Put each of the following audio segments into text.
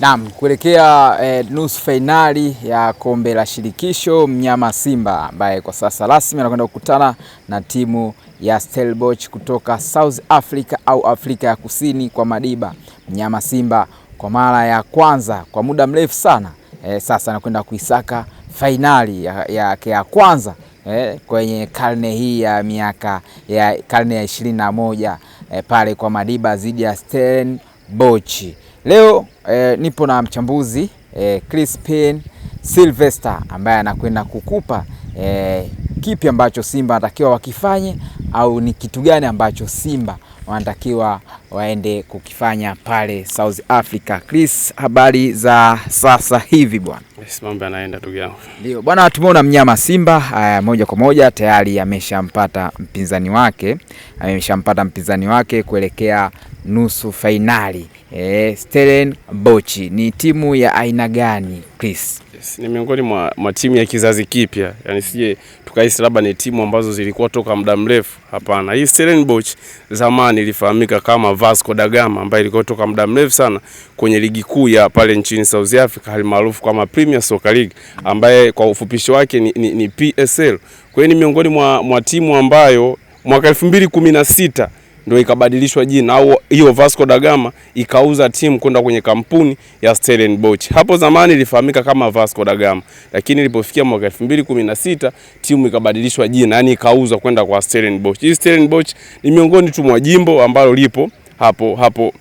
Naam, kuelekea e, nusu fainali ya kombe la shirikisho, mnyama Simba ambaye kwa sasa rasmi anakwenda kukutana na timu ya Stellenbosch kutoka South Africa au Afrika ya Kusini kwa Madiba. Mnyama Simba kwa mara ya kwanza kwa muda mrefu sana e, sasa anakwenda kuisaka fainali yake ya, ya kwanza e, kwenye karne hii ya miaka ya karne ya ishirini na moja e, pale kwa Madiba dhidi ya Stellenbosch. Leo eh, nipo na mchambuzi eh, Crispin Sylvester ambaye anakwenda kukupa eh, kipi ambacho Simba wanatakiwa wakifanye au ni kitu gani ambacho Simba wanatakiwa waende kukifanya pale South Africa. Chris, habari za sasa hivi bwana? Yes, mambo yanaenda ndugu yangu. Ndio bwana, tumeona mnyama Simba uh, moja kwa moja tayari ameshampata mpinzani wake ameshampata mpinzani wake kuelekea nusu fainali. E, eh, Stellenbosch ni timu ya aina gani Chris? Yes, ni miongoni mwa, mwa timu ya kizazi kipya, yani, sije tukahisi labda ni timu ambazo zilikuwa toka muda mrefu. Hapana, hii Stellenbosch zamani ilifahamika kama Vasco da Gama ambayo ilikuwa toka muda mrefu sana kwenye ligi kuu ya pale nchini South Africa halimaarufu kama Premier Soccer League ambaye kwa ufupisho wake ni, ni, ni PSL. Kwa hiyo ni miongoni mwa, mwa timu ambayo mwaka 2016 ndio ikabadilishwa jina au hiyo Vasco da Gama ikauza timu kwenda kwenye kampuni ya Stellenbosch. Hapo zamani ilifahamika kama Vasco da Gama, lakini ilipofikia mwaka 2016 timu ikabadilishwa jina, yani ikauzwa kwenda kwa Stellenbosch. Hii Stellenbosch ni miongoni tu mwa jimbo ambalo lipo hapo hapo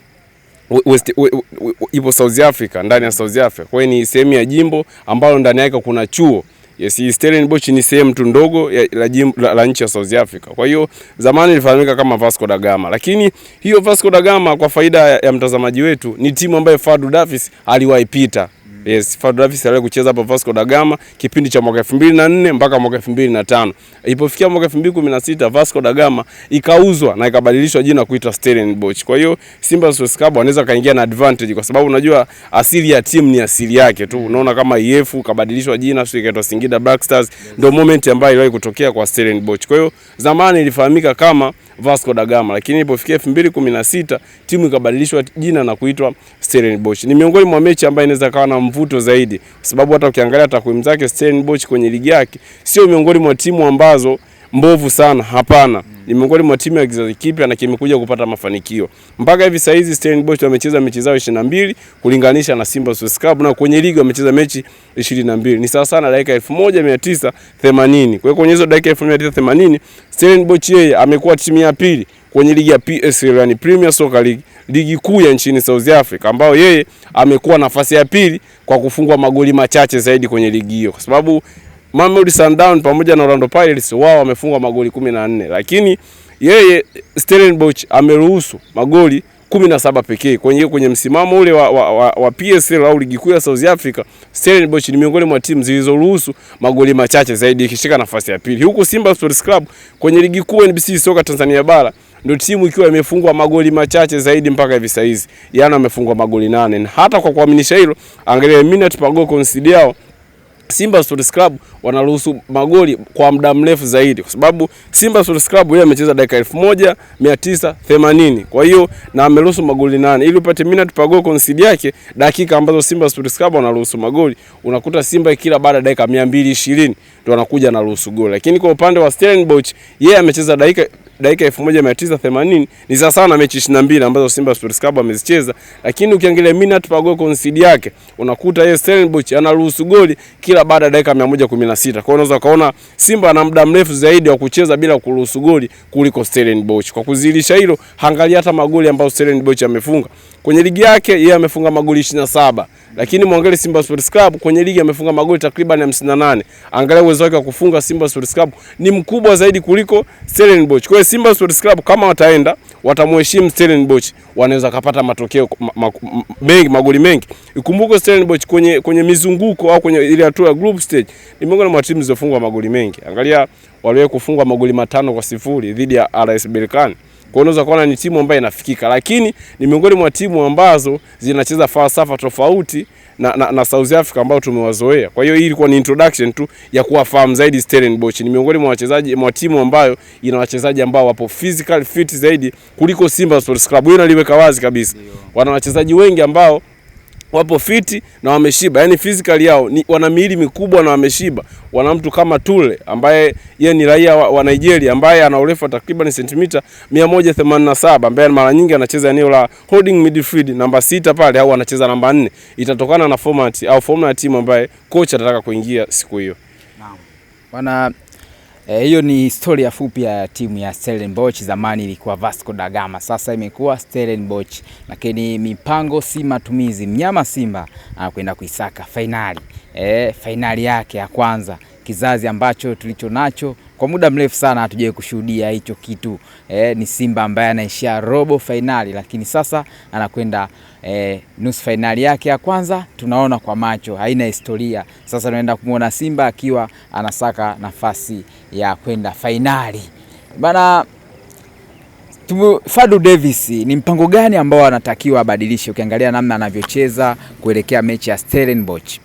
West, we, we, we, ipo South Africa, ndani ya South Africa. Kwa hiyo ni sehemu ya jimbo ambalo ndani yake kuna chuo Yes, Stellenbosch ni sehemu tu ndogo la, la, la nchi ya South Africa. Kwa hiyo zamani ilifahamika kama Vasco da Gama, lakini hiyo Vasco da Gama kwa faida ya, ya mtazamaji wetu ni timu ambayo Fadlu Davis aliwahi pita Yes, Davis aliwahi kucheza hapo Vasco da Gama kipindi cha mwaka 2004 mpaka mwaka 2005. Ilipofikia mwaka 2016 Vasco da Gama ikauzwa na ikabadilishwa jina kuitwa Stellenbosch. Kwa hiyo Simba Sports Club wanaweza kaingia na advantage kwa sababu unajua asili ya timu ni asili yake tu. Unaona kama IF kabadilishwa jina sio ikaitwa Singida Black Stars, ndio moment ambayo iliwahi kutokea kwa Stellenbosch. Kwa hiyo zamani ilifahamika kama Vasco da Gama, lakini ilipofikia 2016 timu ikabadilishwa jina na kuitwa Stellenbosch. Ni miongoni mwa mechi ambayo inaweza kawa na mvuto zaidi, sababu hata ukiangalia takwimu zake Stellenbosch kwenye ligi yake sio miongoni mwa timu ambazo mbovu sana, hapana mm. Ni miongoni mwa timu ya kizazi kipya na kimekuja kupata mafanikio mpaka hivi sasa. Hizi Stellenbosch wamecheza mechi zao 22 kulinganisha na Simba Sports Club, na kwenye ligi wamecheza mechi 22 ni sawa sana dakika 1980. Kwa hiyo kwenye hizo dakika 1980 Stellenbosch yeye amekuwa timu ya pili kwenye ligi ya PSL, yani Premier Soccer League, ligi kuu ya nchini South Africa, ambayo yeye amekuwa nafasi ya pili kwa kufungwa magoli machache zaidi kwenye ligi hiyo, kwa sababu Mamelodi Sundowns pamoja na Orlando Pirates wao wamefungwa magoli kumi na nne lakini yeye Stellenbosch ameruhusu magoli kumi na saba pekee kwenye, kwenye msimamo ule wa, wa, wa, wa PSL au ligi kuu ya South Africa. Stellenbosch ni miongoni mwa timu zilizoruhusu magoli machache zaidi ikishika nafasi ya pili, huku Simba Sports Club kwenye ligi kuu NBC soka Tanzania bara ndio timu ikiwa imefungwa magoli machache zaidi mpaka hivi sasa hizi, yana amefungwa magoli nane. Na hata kwa kuaminisha hilo, angalia Minat Pagoko Nsidiao Simba Sports Club wanaruhusu magoli kwa muda mrefu zaidi, kwa sababu Simba Sports Club yeye amecheza dakika 1980 kwa hiyo na ameruhusu magoli nane, ili upate minute per goal concede yake dakika ambazo Simba Sports Club wanaruhusu magoli, unakuta Simba kila baada ya dakika 220 ndio anakuja na ruhusu goli. Lakini kwa upande wa Stellenbosch yeye amecheza dakika dakika 1980 ni sana na mechi 22 ambazo Simba Sports Club amezicheza, lakini ukiangalia minute per goal concede yake unakuta yeye Stellenbosch anaruhusu goli kila baada ya dakika 116. Kwa hiyo unaweza kaona Simba ana muda mrefu zaidi wa kucheza bila kuruhusu goli kuliko Stellenbosch. Kwa kuzilisha hilo, angalia hata magoli ambayo Stellenbosch amefunga kwenye ligi yake, yeye ya amefunga magoli 27, lakini mwangalie Simba Sports Club kwenye ligi amefunga magoli takriban 58. Angalia uwezo wake wa kufunga Simba Sports Club ni mkubwa zaidi kuliko Stellenbosch. Kwa Simba Sports Club kama wataenda watamheshimu Stellenbosch, wanaweza kapata matokeo mengi, magoli mengi. Ikumbuke Stellenbosch kwenye, kwenye mizunguko au kwenye ile hatua ya group stage ni miongoni mwa timu zilizofungwa magoli mengi. Angalia waliwahi kufungwa magoli matano kwa sifuri dhidi ya RS Berkane. Kwa unaweza kuona ni timu ambayo inafikika, lakini ni miongoni mwa timu ambazo zinacheza falsafa tofauti na, na, na South Africa ambao tumewazoea. Kwa hiyo hii ilikuwa ni introduction tu ya kuwafahamu zaidi Stellenbosch. Ni miongoni mwa wachezaji mwa timu ambayo ina wachezaji ambao wapo physical fit zaidi kuliko Simba Sports Club. Hiyo naliweka wazi kabisa. Wana wachezaji wengi ambao wapo fiti na wameshiba, yani physically yao ni, wana miili mikubwa na wameshiba. Wana mtu kama Tule ambaye ye ni raia wa, wa Nigeria ambaye ana urefu takriban sentimita 187 ambaye mara nyingi anacheza eneo la holding midfield namba sita pale au anacheza namba nne. Itatokana na format au formula ya timu ambaye kocha atataka kuingia siku hiyo. Naam. Bwana Eh, hiyo ni historia fupi ya timu ya Stellenbosch. Zamani ilikuwa Vasco da Gama, sasa imekuwa Stellenbosch, lakini mipango si matumizi. Mnyama Simba anakwenda kuisaka fainali e, eh, fainali yake ya kwanza, kizazi ambacho tulicho nacho kwa muda mrefu sana hatujawahi kushuhudia hicho kitu e, Ni Simba ambaye anaishia robo fainali, lakini sasa anakwenda e, nusu fainali yake ya kwanza, tunaona kwa macho haina historia. Sasa tunaenda kumwona Simba akiwa anasaka nafasi ya kwenda fainali bana. Fadu Davis ni mpango gani ambao anatakiwa abadilishe, ukiangalia namna anavyocheza kuelekea mechi ya Stellenbosch?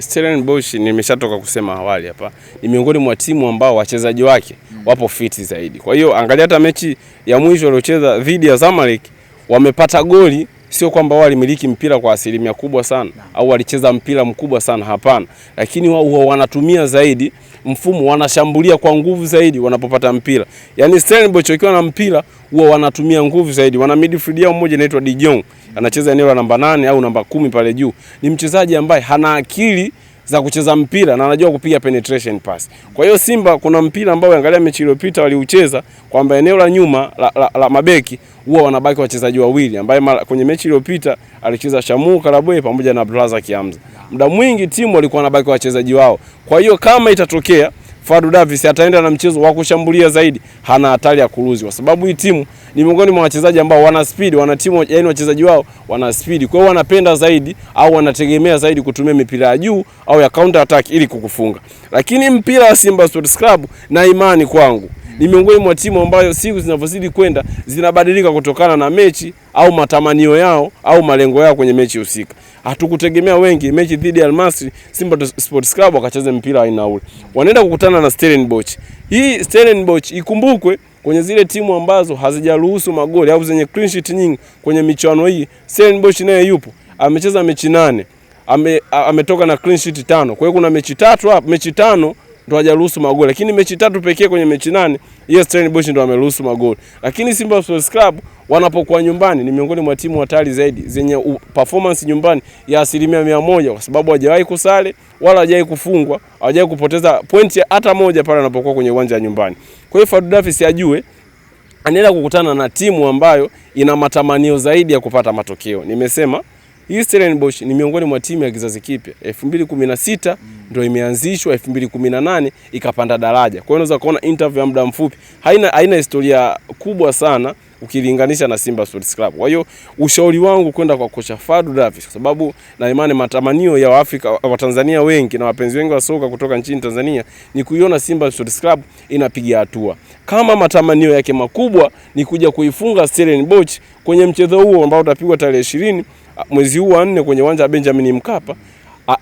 Stellenbosch nimeshatoka kusema awali hapa, ni miongoni mwa timu ambao wachezaji wake mm. wapo fiti zaidi. Kwa hiyo angalia hata mechi ya mwisho waliocheza dhidi ya Zamalek wamepata goli, sio kwamba walimiliki mpira kwa asilimia kubwa sana au walicheza mpira mkubwa sana, hapana, lakini wao wanatumia zaidi mfumo wanashambulia kwa nguvu zaidi wanapopata mpira. Yaani Stellenbosch wakiwa na mpira huwa wanatumia nguvu zaidi. Wana midfield yao mmoja inaitwa De Jong, anacheza eneo la namba nane au namba kumi pale juu. Ni mchezaji ambaye hana akili za kucheza mpira na anajua kupiga penetration pass. Kwa hiyo Simba kuna mpira ambao angalia mechi iliyopita waliucheza kwamba eneo la nyuma la, la, la mabeki huwa wanabaki wachezaji wawili ambaye kwenye mechi iliyopita alicheza Shamu Karabwe pamoja na Blaza Kiamza. Muda mwingi timu walikuwa wanabaki wachezaji wao. Kwa hiyo kama itatokea Fadu Davis ataenda na mchezo wa kushambulia zaidi, hana hatari ya kuruzi, kwa sababu hii timu ni miongoni mwa wachezaji ambao wana speed, wana timu, yani wachezaji wao wana speed. Kwa hiyo wanapenda zaidi au wanategemea zaidi kutumia mipira ya juu au ya counter attack ili kukufunga, lakini mpira wa Simba Sports Club na imani kwangu ni miongoni mwa timu ambayo siku zinavyozidi kwenda zinabadilika kutokana na mechi au matamanio yao au malengo yao kwenye mechi husika. Hatukutegemea wengi mechi dhidi ya Almasri, Simba Sports Club wakacheze mpira aina ule. Wanaenda kukutana na Stellenbosch. Hii Stellenbosch ikumbukwe kwenye zile timu ambazo hazijaruhusu magoli au zenye clean sheet nyingi kwenye michuano hii. Stellenbosch naye yupo, amecheza mechi nane, ametoka ame na clean sheet tano. Kwa hiyo kuna mechi tatu hapa, mechi tano ndo hajaruhusu magoli, lakini mechi tatu pekee kwenye mechi nane yes, Stellenbosch ndo ameruhusu magoli. Lakini Simba Sports Club wanapokuwa nyumbani ni miongoni mwa timu hatari zaidi zenye performance nyumbani ya asilimia mia moja kwa sababu hawajawahi kusale wala hawajawahi kufungwa, hawajawahi kupoteza pointi hata moja pale wanapokuwa kwenye uwanja wa nyumbani. Kwa hiyo Fadlu Davis ajue anaenda kukutana na timu ambayo ina matamanio zaidi ya kupata matokeo. Nimesema hii Stellenbosch ni miongoni mwa timu ya kizazi kipya. 2016 mm. ndio imeanzishwa, 2018 ikapanda daraja. Kwa hiyo unaweza kuona interview ya muda mfupi haina, haina historia kubwa sana ukilinganisha na Simba Sports Club. Kwa hiyo ushauri wangu kwenda kwa kocha Fadlu Davis, kwa sababu na imani matamanio ya Waafrika wa Tanzania wengi na wapenzi wengi wa soka kutoka nchini Tanzania ni kuiona Simba Sports Club inapiga hatua. Kama matamanio yake makubwa ni kuja kuifunga Stellenbosch kwenye mchezo huo ambao utapigwa tarehe ishirini Ah, mwezi huu wa nne kwenye uwanja wa Benjamin Mkapa,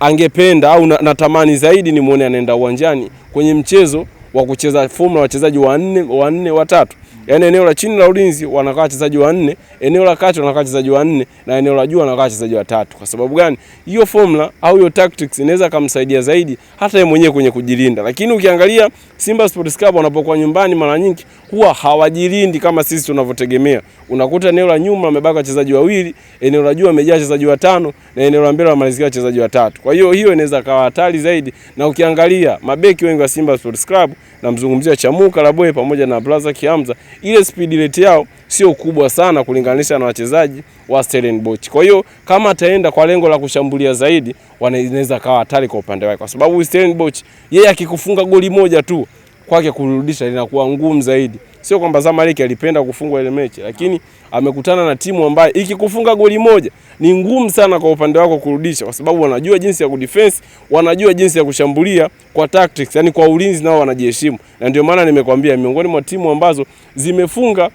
angependa au natamani zaidi ni muone anaenda uwanjani kwenye mchezo wa kucheza fomu na wachezaji wanne wanne watatu. Yaani eneo la chini la ulinzi wanakaa wachezaji wanne, eneo la kati wanakaa wachezaji wanne na eneo la juu wanakaa wachezaji watatu. Kwa sababu gani? Hiyo formula au hiyo tactics inaweza kumsaidia zaidi hata yeye mwenyewe kwenye kujilinda. Lakini ukiangalia Simba Sports Club wanapokuwa nyumbani, mara nyingi huwa hawajilindi kama sisi tunavyotegemea. Unakuta eneo la nyuma wamebaka wachezaji wawili, eneo la juu wamejaa wachezaji watano na eneo la mbele wamalizia wachezaji watatu. Kwa hiyo hiyo inaweza kawa hatari zaidi, na ukiangalia mabeki wengi wa Simba Sports Club, namzungumzia Chamuka Labwe pamoja na Blaza Kiamza ile speed rate yao sio kubwa sana kulinganisha na wachezaji wa Stellenbosch. Kwa hiyo kama ataenda kwa lengo la kushambulia zaidi, wanaweza kawa hatari kwa upande wake, kwa sababu Stellenbosch yeye akikufunga goli moja tu kwake kurudisha linakuwa ngumu zaidi. Sio kwamba Zamalek alipenda kufungwa ile mechi, lakini amekutana na timu ambayo ikikufunga goli moja ni ngumu sana kwa upande wako kurudisha, kwa sababu wanajua jinsi ya kudefense, wanajua jinsi ya kushambulia kwa tactics, yani kwa ulinzi nao wanajiheshimu, na ndio maana nimekwambia miongoni mwa timu ambazo zimefunga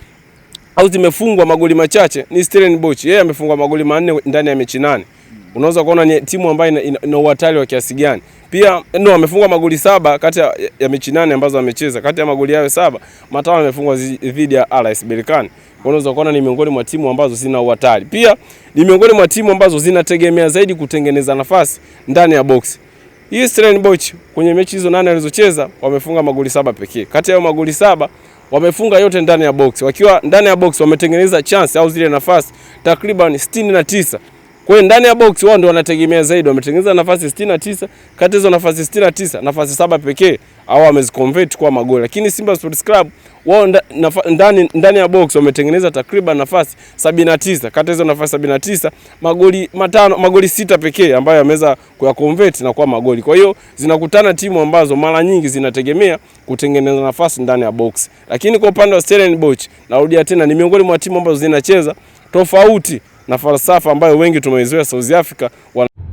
au zimefungwa magoli machache ni Stellenbosch. Yeye amefungwa magoli manne ndani ya mechi nane unaweza kuona ni timu ambayo ina uhatari wa kiasi gani. Pia ndio wamefungwa magoli saba kati ya, ya mechi nane ambazo wamecheza. Kati ya magoli yao saba, matano yamefungwa dhidi ya RS Berkane. Unaweza kuona ni miongoni mwa timu ambazo zina uhatari. Pia ni miongoni mwa timu ambazo zinategemea zaidi kutengeneza nafasi ndani ya box. Eastern Boch kwenye mechi hizo nane walizocheza wamefunga magoli saba pekee. Kati ya magoli saba wamefunga yote ndani ya box. Wakiwa ndani ya box wametengeneza chance au zile nafasi takriban 69 kwa hiyo ndani ya box wao ndio wanategemea zaidi, wametengeneza nafasi 69 kati hizo nafasi 69 nafasi saba pekee au wameziconvert kwa magoli. Lakini Simba Sports Club wao ndani, ndani ya box wametengeneza takriban nafasi 79 kati hizo nafasi 79 magoli matano, magoli sita pekee ambayo yameweza kuyaconvert na kuwa magoli. Kwa hiyo zinakutana timu ambazo mara nyingi zinategemea kutengeneza nafasi ndani ya box, lakini kwa upande wa Stellenbosch, narudia tena, ni miongoni mwa timu ambazo zinacheza tofauti na falsafa ambayo wengi tumeizoea South Africa wana